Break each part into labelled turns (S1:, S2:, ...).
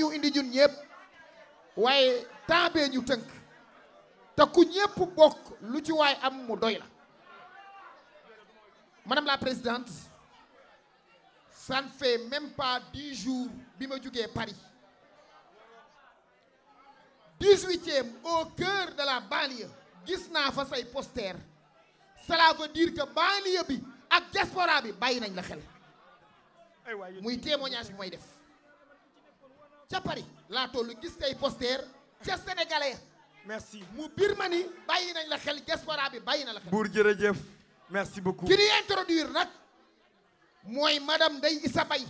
S1: moo indi jun ñëpp waaye temps ñu tënk te ku ñëpp bokk lu ci waay am mu doy la madame la présidente ça ne fait même pas dix jours bi ma jugee Paris dix-huitième au cœur de la banlieue gis naa fa say poster cela veut dire que banlieue bi ak diaspora bi bàyyi nañ la xel muy témoignage bi may def ca Paris laa tollu gis say poster ca sénégalais merci mu Birmanie bàyyi nañ la xel diaspora bi bàyyi na la xel buur jërëjëf merci beaucoup ki ñuy introduire nag mooy madame Ndeye Issa Mbaye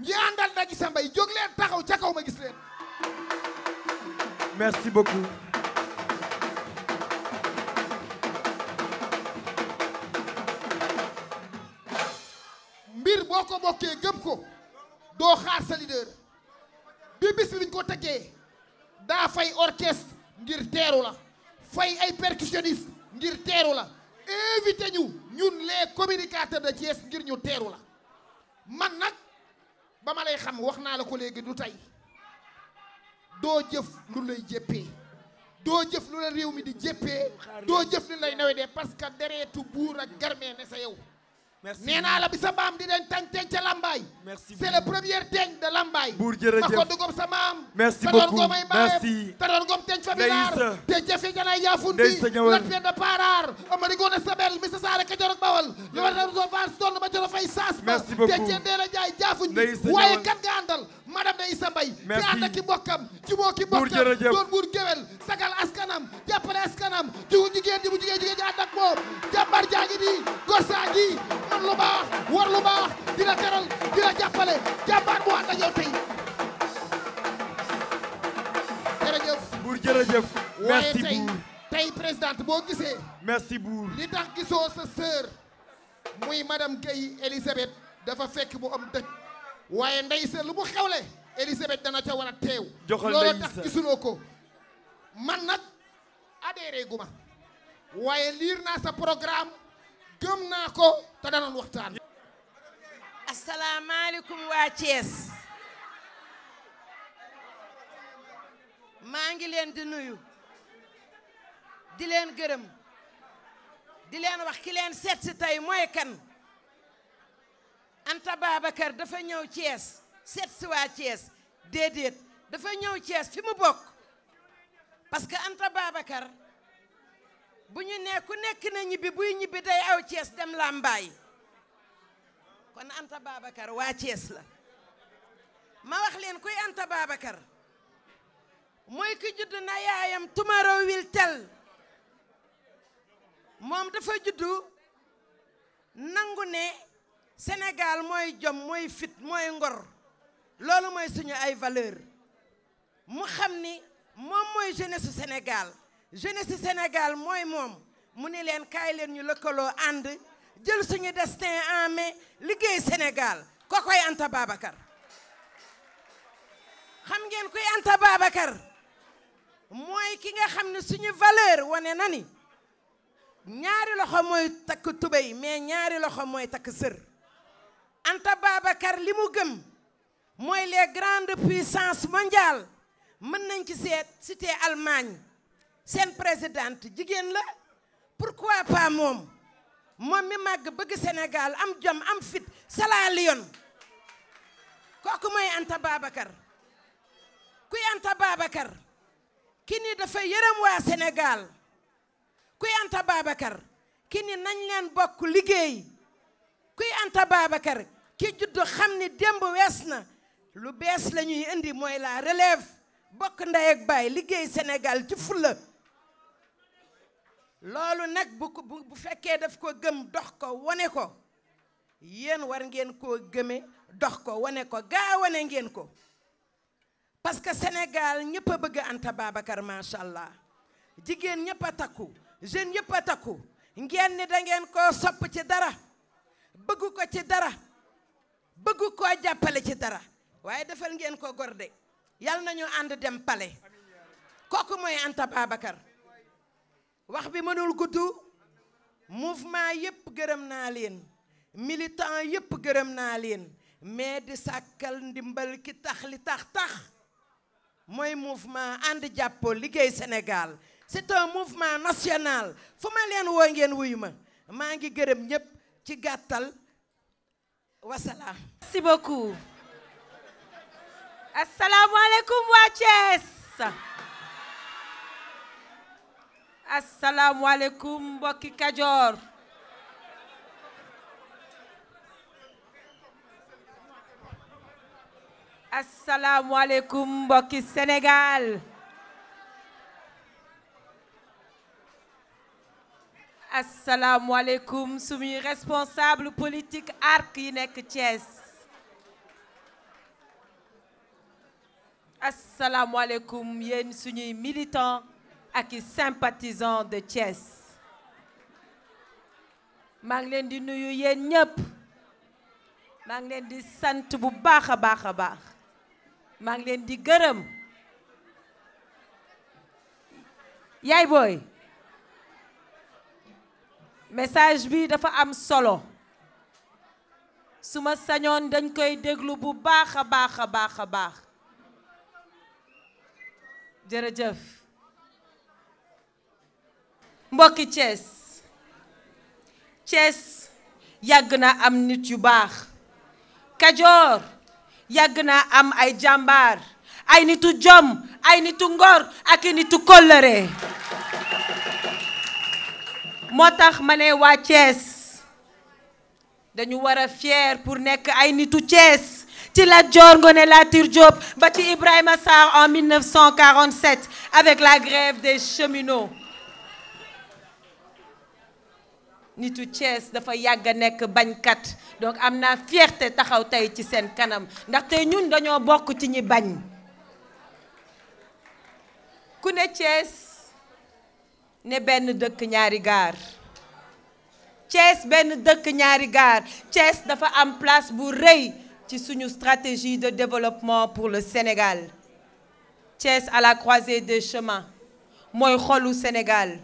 S1: ñi àndal Ndeye Issa Mbaye taxaw ca kaw ma gis leen merci beaucoup mbir boo ko bokkee gëm ko doo xaar sa leader bi bis bi ko tëggee daa fay orchestre ngir teeru la fay ay percussionniste ngir teeru la invité ñu ñun les communicateurs de Thiès ngir ñu teeru la man nag ba ma lay xam wax naa la ko léegi du tey doo jëf lu lay jéppee doo jëf lu la réew mi di jéppee doo jëf lu lay nawetee parce que dereetu buur ak garmee ne sa yow merci nee naa la bi sa maam di den tànn tànn ca Lambaay. merci c'est le premier tànn de Lambaay. a jërëjëf ma ko dugub sa maam. merci beaucoup merci te doon góom tànn fa bi naar tànn ca fii gannaaw yaafundi. ndey sa ñëwal lat de Parar. Amady Gone Sabel Missa Saare Kajoor ak Bawal. li war a doon Vaar Stone ba Joro Fay Saas. merci beaucoup tànn ca Ndéla Njaay jaafuñ. ndey waaye kan nga àndal madame de Issa Mbaye. merci ki ki mbokkam. ci ki mbokkam doon buur géwél presse kanam jiwu jigéen ji bu tey tey présidente boo gisee merci buur li tax gisoo sa muy madame Guèye Elisabeth dafa fekk bu am dëj waaye ndey sa lu mu xewle Elisabeth dana ca war teew loolu tax gisuloo ko man nag adhéré gu ma waaye liir naa sa programme gëm naa ko te danoon waxtaan. asalaamaaleykum waa Thiès
S2: maa ngi leen di nuyu di leen gërëm di leen wax ki leen seet si tey mooy kan Anta Babacar dafa ñëw Thiès seet si waa Thiès déedéet dafa ñëw cees fi mu bokk. parce que Anta Babacar bu ñu nee ku nekk na ñibbi buy ñibbi day aw Thiès dem Lambaay kon Anta Babacar waa Thiès la ma wax leen kuy Anta Babacar mooy ki judd na yaayam tomorrow will tell moom dafa juddu nangu ne Sénégal mooy jom mooy fit mooy ngor loolu mooy suñu ay valeur mu xam ni moom mooy jeunesse Sénégal jeunesse Sénégal mooy moom mu ni leen kaay leen ñu lëkkaloo ànd jël suñu destin en main liggéey Sénégal kokoy Anta Babacar xam ngeen kuy Anta Babacar mooy ki nga xam ne suñu valeur wane na ni ñaari loxo mooy takk tubéy mais ñaari loxo mooy takk sër Anta Babacar li mu gëm mooy les grandes puissances mondiales mën nañ ci seet cité almaañ seen présidente jigéen la pourquoi pas moom moom mi màgg bëgg Sénégal am jom am fit Sierra Leone kooku mooy Anta Babacar kuy Anta Babacar ki ni dafa yërëm waa Sénégal kuy Anta Babacar ki ni nañ leen bokk liggéey kuy Anta Babacar ki judd xam ni démb wees na lu bees la indi mooy la relève bokk ndey ak baay liggéey senegal ci fulla loolu nag bu bu fekkee daf ko gëm dox ko wane ko yéen war ngeen koo gëme dox ko wane ko gaa wane ngeen ko parce que Sénégal ñëpp a bëgg Anta Babacar macha allah jigéen ñëpp a takku jeune yëpp a takku ngeen ni dangeen ko koo sopp ci dara bëgg ko ci dara bëgg ko jàppale ci dara waaye defal ngeen ko gor de yal nañu ànd dem pale kooku mooy Anta Babacar wax bi mënul gudd mouvement yëpp gërëm naa leen militant yëpp gërëm naa leen mais di sàkkal ndimbal ki tax li tax tax mooy mouvement ànd jàppo liggéey Sénégal c'est un mouvement national fu ma leen wooy ngeen wuyu ma maa ngi gërëm ñëpp ci gàttal wasalaam. merci beaucoup. asalaamaaleykum
S3: waa Thiès asalaamaaleykum mbokki Kajoor asalaamaaleykum mbokki Sénégal asalaamaaleykum suñuy responsable politique arc yi nekk Thiès asalaamualeykum yéen suñuy militan ak i sympathisants de Thiès maa ngi leen di nuyu yéen ñëpp maa ngi leen di sant bu baax a baax a baax maa ngi leen di gërëm yaay booy message bi dafa am solo su ma sañoon dañ koy déglu bu baax a baax a baax a baax jërëjëf mbokki Thiès Thiès yàgg na am nit yu baax Kajoor yàgg na am ay jàmbaar ay nitu jom ay nitu ngor ak i nitu kóllëre moo tax ma ne waa Thiès dañu war a fier pour nekk ay nitu Thiès ci Lat Dior Ngoné Latyr Diop ba ci Ibrahima Sarr en 1947 avec la grève des cheminots nitu Thiès dafa yàgg a nekk bañkat donc am naa fierté taxaw tey ci seen kanam ndax te ñun dañoo bokk ci ñi bañ ku ne Thiès ne benn dëkk ñaari gaar Thiès benn dëkk ñaari gaar Thiès dafa am place bu rëy ci suñu stratégie de développement pour le Sénégal Thiès à la croisée de chemins mooy xolu Sénégal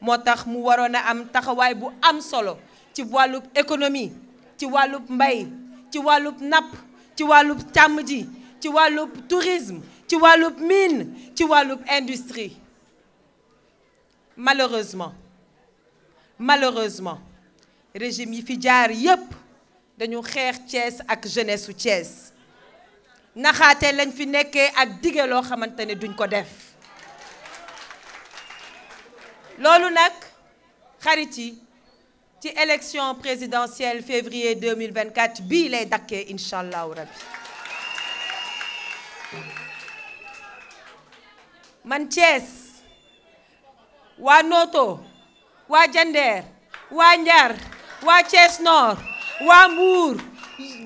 S3: moo tax mu waroon a am taxawaay bu am solo ci wàllub économie ci wàllub mbay ci wàllub napp ci wàllub càmm ji ci wàllub tourisme ci wàllub mine ci wàllub industrie malheureusement malheureusement régime yi fi jaar yépp dañu xeex Thiès ak jeunesse su Thiès naxaate lañ fi nekkee ak dige loo xamante ne duñ ko def loolu nag xarit yi ci élection présidentielle février 2024 bii lay dakkee incha allahu rabbi man Thiès waa Noto waa Jandeer waa Njar waa Thiès Nord waa Mbour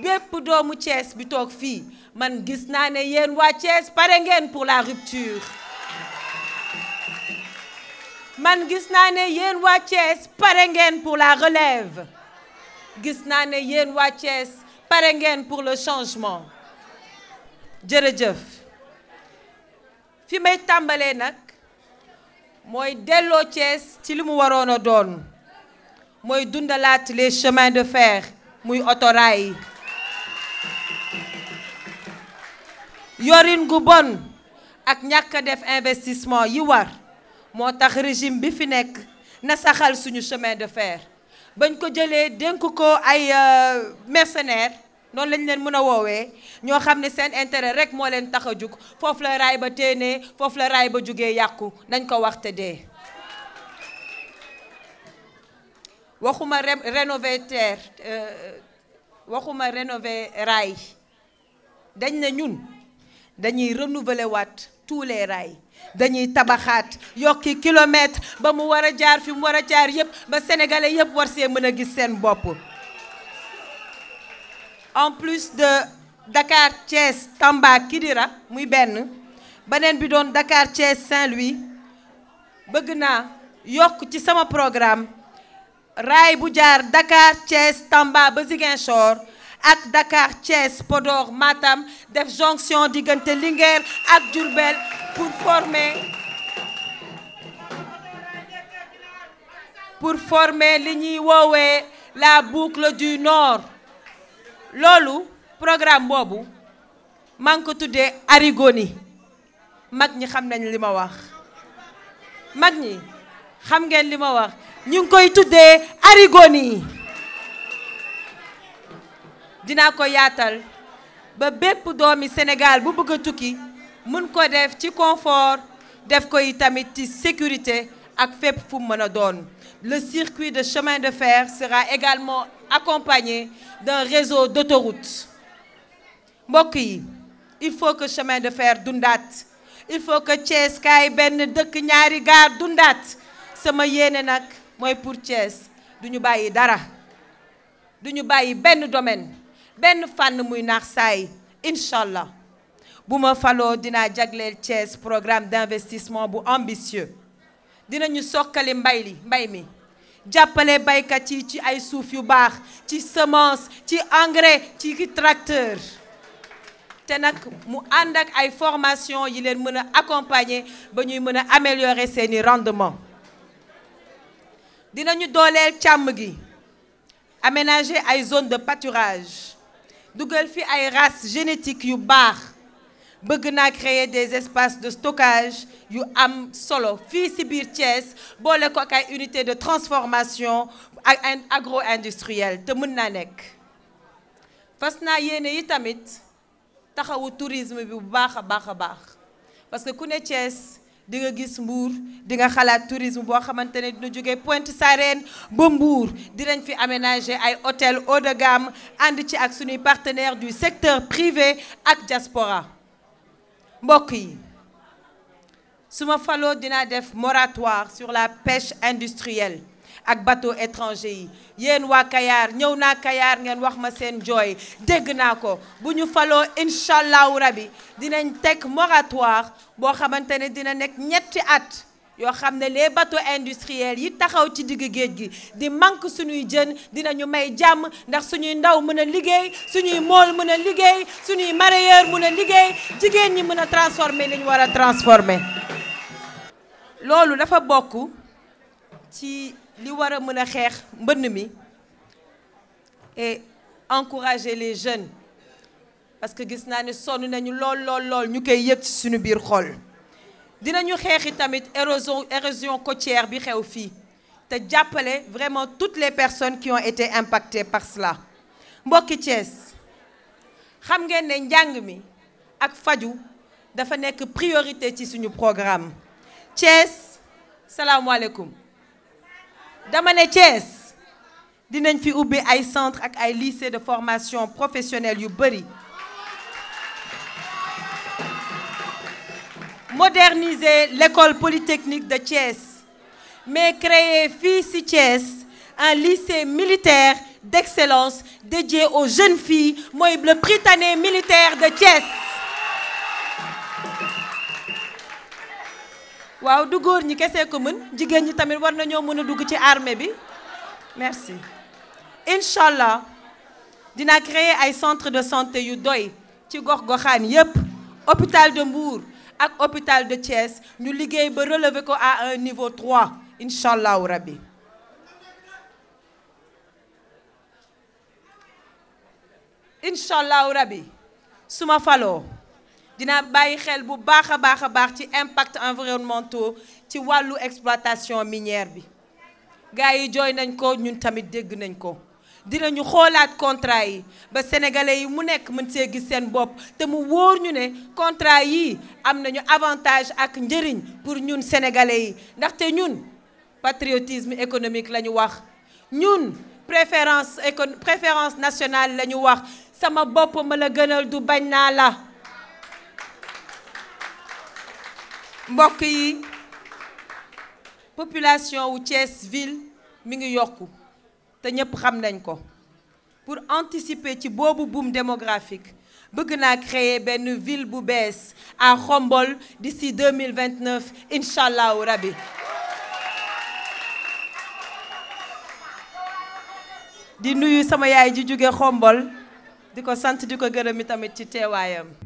S3: bépp doomu Thiès bi toog fii man gis naa ne yéen waa Thiès pare ngeen pour la rupture man gis naa ne yéen waa Thiès pare ngeen pour la relève gis naa ne yéen waa Thiès pare ngeen pour le changement jërëjëf fi may tàmbalee nag mooy delloo Thiès ci li mu waroon a doon mooy dundalaat les chemins de fer muy otoraay yi yorin gu bon ak ñàkk a def investissement yi war moo tax régime bi fi nekk na saxal suñu chemin de fer bañ ko jëlee dénk ko ay euh, mercenaires noonu lañ leen mën a woowee ñoo xam ne seen intérêt rek moo leen tax a jug foofu la raay ba téenee foofu la raay ba jugee yàqu nañ ko wax te dee waxuma rénover terre euh, waxuma rénover dañ ne ñun dañuy renouveler waat tous les rails dañuy tabaxaat yokki kilomètre ba mu war a jaar fi mu war a jaar yëpp ba sénégalais yëpp war see mën a gis seen bopp en plus de Dakar Thiès Tamba Kidira muy benn beneen bi doon Dakar Thiès Saint-Louis bëgg naa yokk ci sama programme raay bu jaar Dakar Thiès Tamba ba Ziguinchor ak Dakar Thiès Podor Matam def jonction diggante Linguère ak Diourbel pour former li ñuy woowee la boucle du nord loolu programme boobu maa ko tuddee Arigoni mag ñi xam nañ li ma wax mag ñi xam ngeen li ma wax ñu ngi koy tuddee Arigoni dinaa ko yaatal ba bépp doomi Sénégal bu bëgg a tukki mën ko def ci confort def ko tamit ci sécurité ak fépp fu mu mën a doon le circuit de chemin de fer sera également accompagné d'un réseau d'autoroutes mbokk yi il faut que chemin de fer dundaat il faut que Thiès kaay benn dëkk ñaari gaar dundaat sama yéene nag mooy pour Thiès du ñu bàyyi dara duñu bàyyi benn domaine benn fànn muy naax saayi incha allah bu ma faloo dinaa jagleel Thiès programme d'investissement bu ambitieux dinañu sokkali mbay li mbay mi jàppale baykat yi ci ay suuf yu baax ci semence ci engrais ci tracteur te nag mu ànd ak ay formation yi leen mën a accompagner ba ñuy mën a améliorer seeni rendement dinañu dooleel càmm gi aménager ay zone de paturage dugal fi ay races génétiques yu baax bëgg naa créer des espaces de stockage yu am solo fii ci biir Thiès boole ko ak ay unité de transformation ak agro industriel te mën naa nekk fas naa yéene yi tamit taxawu tourisme bi bu baax a baax a baax parce ku ne Thiès di nga gis Mbour di nga xalaat tourisme boo xamante ne dina jóge Pointe Sarène ba Mbour dinañ fi amenager ay hôtel haut de gamme ànd ci ak suñuy partenaire du secteur privé ak diaspora mbokk yi su ma faloo dinaa def moratoire sur la pêche industrielle ak bateau étranger yi yéen waa Kayar ñëw naa kayaar ngeen wax ma seen jooy dégg naa ko bu ñu faloo incha allahu rabi dinañ tekk moratoire boo xamante ne dina nekk ñetti at yoo xam ne les bateaux industriels yi taxaw ci digg géej gi di manque suñuy jën dinañu may jàmm ndax suñuy ndaw mën a liggéey suñuy mool mën a liggéey suñuy mareyeur mën a liggéey jigéen ñi mën a transformer li ñu war a transformer loolu dafa bokk ci li war a mën a xeex mbënn mi et encourager les jeunes parce que gis naa ne sonn nañu lool lool ñu koy yëg ci suñu biir xol. dinañu xeexi tamit érosion érosion côtière bi xew fii te jàppale vraiment toutes les personnes qui ont été impacté par cela mbokki Thiès xam ngeen ne njàng mi ak faju dafa nekk priorité ci suñu programme Thiès salaamaaleykum dama ne Thiès dinañ fi ubbi ay centre ak ay lycée de formation professionnelle yu bëri moderniser l'école polytechnique de Thiès mais créer fii ci Thiès un lycée militaire d'excellence dédié aux jeunes filles mooy le Prytanée militaire de Thiès waaw du góor ñi kese ko mën jigéen ñi tamit war nañoo mën a dugg ci armée bi merci incha allah dina créer ay centre de santé yu doy ci gox-goxaan yépp hôpital de Mbour ak hôpital de Thiès ñu liggéey ba relever ko à un niveau 3 incha allahu rabbi incha allahu rabbi su ma faloo dina bàyyi xel bu baax a baax a baax ci impact environnementaux ci wàllu exploitation minière bi gars yi jooy nañ ko ñun tamit dégg nañ ko dinañu xoolaat contrat yi ba sénégalais yi mu nekk mën see gis seen bopp te mu wóor ñu ne contrat yi am nañu avantage ak njëriñ pour ñun sénégalais yi ndaxte ñun patriotisme économique la ñu wax ñun préférence éco préférence nationale la ñu wax sama bopp ma la gënal du bañ naa la mbokk yi population wu Thiès ville mi ngi yokku te ñëpp xam nañ ko pour anticiper ci boobu boom démographique bëgg naa créer benn ville bu bees à Khombole d'ici 2029 incha allahu rabi di nuyu sama yaay ji jóge Khombole di ko sant di ko gërëm tamit ci teewaayam